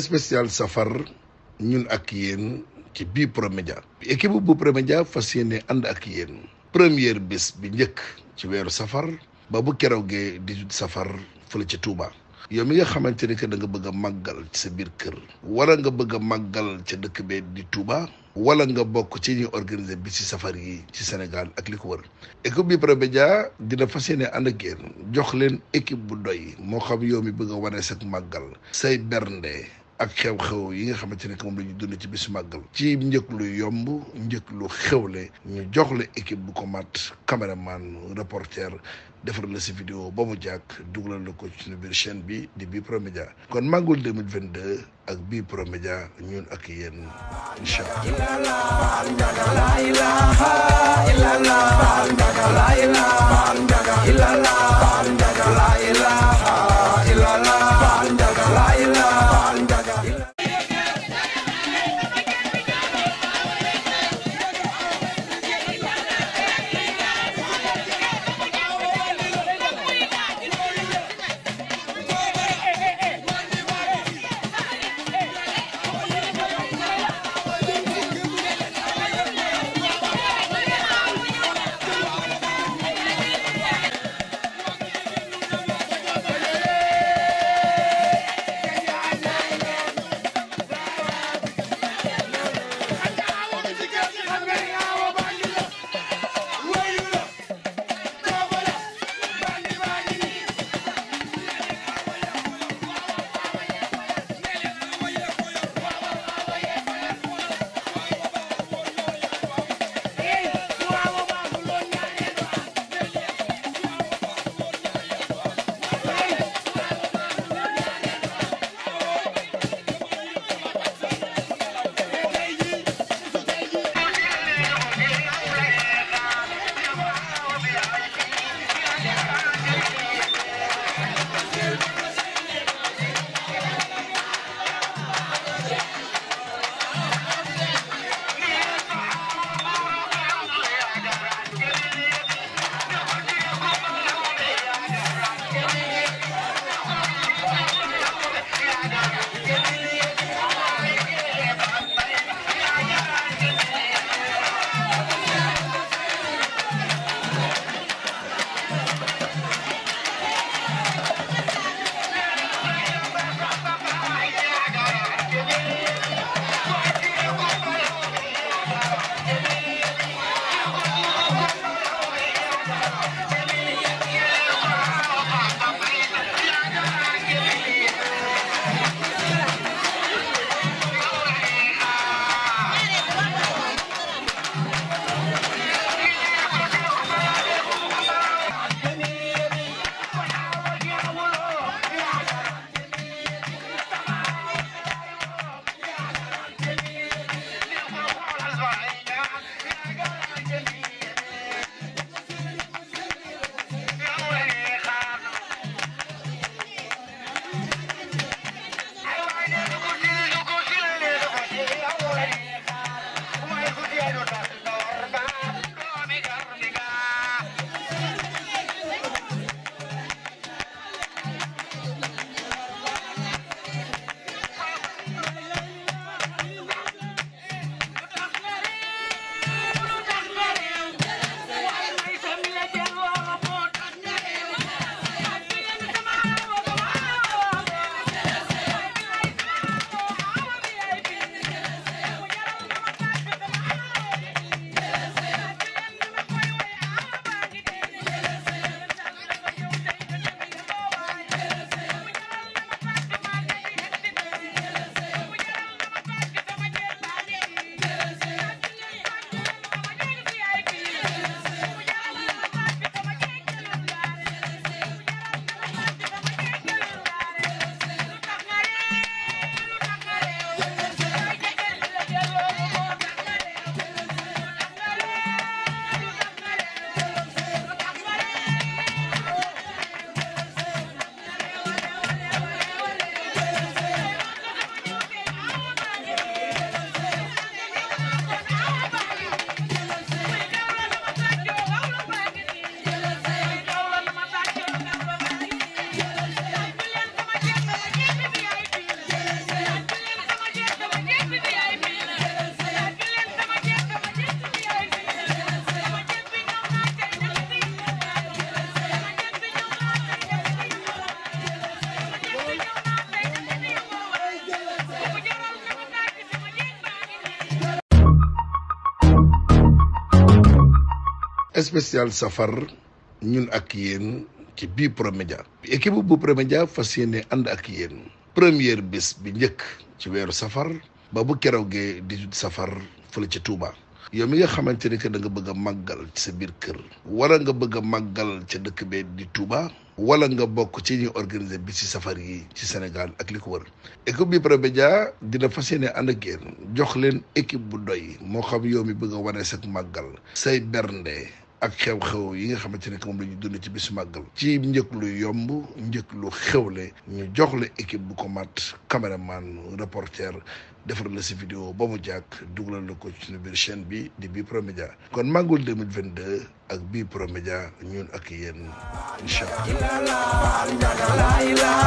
spécial safar ñun ak yéen ci bii promédia équipe bu promédia fas yéene ànd ak yéen première bés bi njëkk ci weeru safar ba bu keroogee di safar fële ci Touba. yow mi nga xamante ni que da nga bëgg a màggal ci sa biir kër wala nga bëgg a màggal ca dëkk bee di Touba wala nga bokk ci ñuy organiser bi ci safar yi ci Sénégal ak li ko wër équipe bi Promedia dina fas yéene ànd ak yéen jox leen équipe bu doy moo xam yow mi bëgg a wane sa màggal say bernde ak xew-xew yi nga xamante ne moom la ñu dund ci bis màggal ci njëkk lu yomb njëkk lu xewle ñu jox la équipe bu ko mat caméraman reporter defar la si vidéo ba mu jàkk dugalal la ko ci suñu biir chaîne bi di Bi Pro Média kon màggul 2022 ak Bi Pro Média ñun ak yéen incha allah. spécial safar ñun ak yéen ci bii promédia équipe bu promédia fas yéene ànd ak yéen première bés bi njëkk ci weeru safar ba bu keroogee di safar fële ci Touba. yow mi nga xamante ni que da nga bëgg a màggal ci sa biir kër wala nga bëgg màggal ca dëkk bee di Touba wala nga bokk ci ñuy organiser bi ci safar yi ci Sénégal ak li ko wër équipe bi Promedia dina fas yéene ànd ak yéen jox leen équipe bu doy moo xam yow mi bëgg a wane sa màggal say bernde ak xew-xew yi nga xamante ne moom la ñu dund ci bis màggal ci njëkk lu yomb njëkk lu xewle ñu jox le équipe bu ko mat caméraman reporter defar la si vidéo ba mu jàkk dugalal la ko ci suñu biir chaîne bi di Bprod Media kon màggul 2022 ak Bprod Media ñun ak yéen incha allah